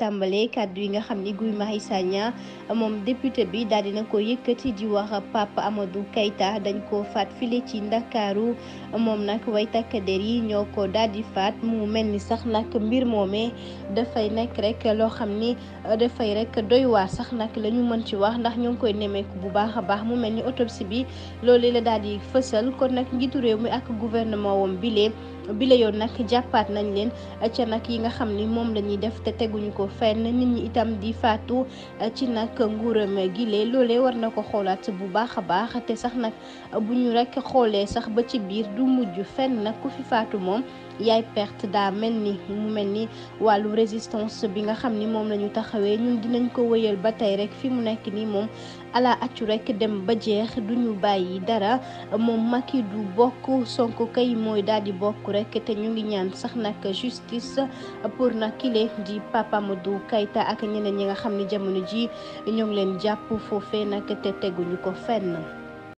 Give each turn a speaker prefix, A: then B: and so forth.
A: tàmbalee kàddu yi nga xam ni Guy Marius Sagna moom député bi daal na ko yëkkati di wax Pape Amadou Keita dañ ko faat file ci Ndakaaru moom nag way takk der yi ñoo ko daal di faat mu mel ni sax nak mbir moomee dafay nekk rek loo xam ni dafay rek doy waar sax nag lañu ñu mën ci wax ndax ñoo ngi koy nemmeeku bu baax a baax mu mel ni autopsie bi loolu la daal di fësal kon nag njiitu réew mi ak gouvernement wam bile bile yoon nag jàppaat nañ leen ca nag yi nga xam ni moom la ñuy def te teguñu ko fenn nit ñi itam di faatu eh, ci nag nguuram gile loolee war na ko xoolaat bu baax a baax te sax nag bu ñu rekk xoolee sax ba ci biir du mujj fenn nag ku fi faatu moom yaay perte daa mel ni mu mel ni wàllu résistance bi nga xam ni moom lañu taxawee ñun dinañ ko wéyal ba tey rek fi mu nekk nii moom ala accu rekk dem ba jeex du ñu bàyyi dara moom magi du bokk Sonko kay mooy daal di bokk rek te ñu ngi ñaan sax nag justice pour nag kile di papa Seydou Keita ak ñeneen ñi nga xam ne jamono ji ñoo leen jàpp foofee nag te teguñu ko fenn.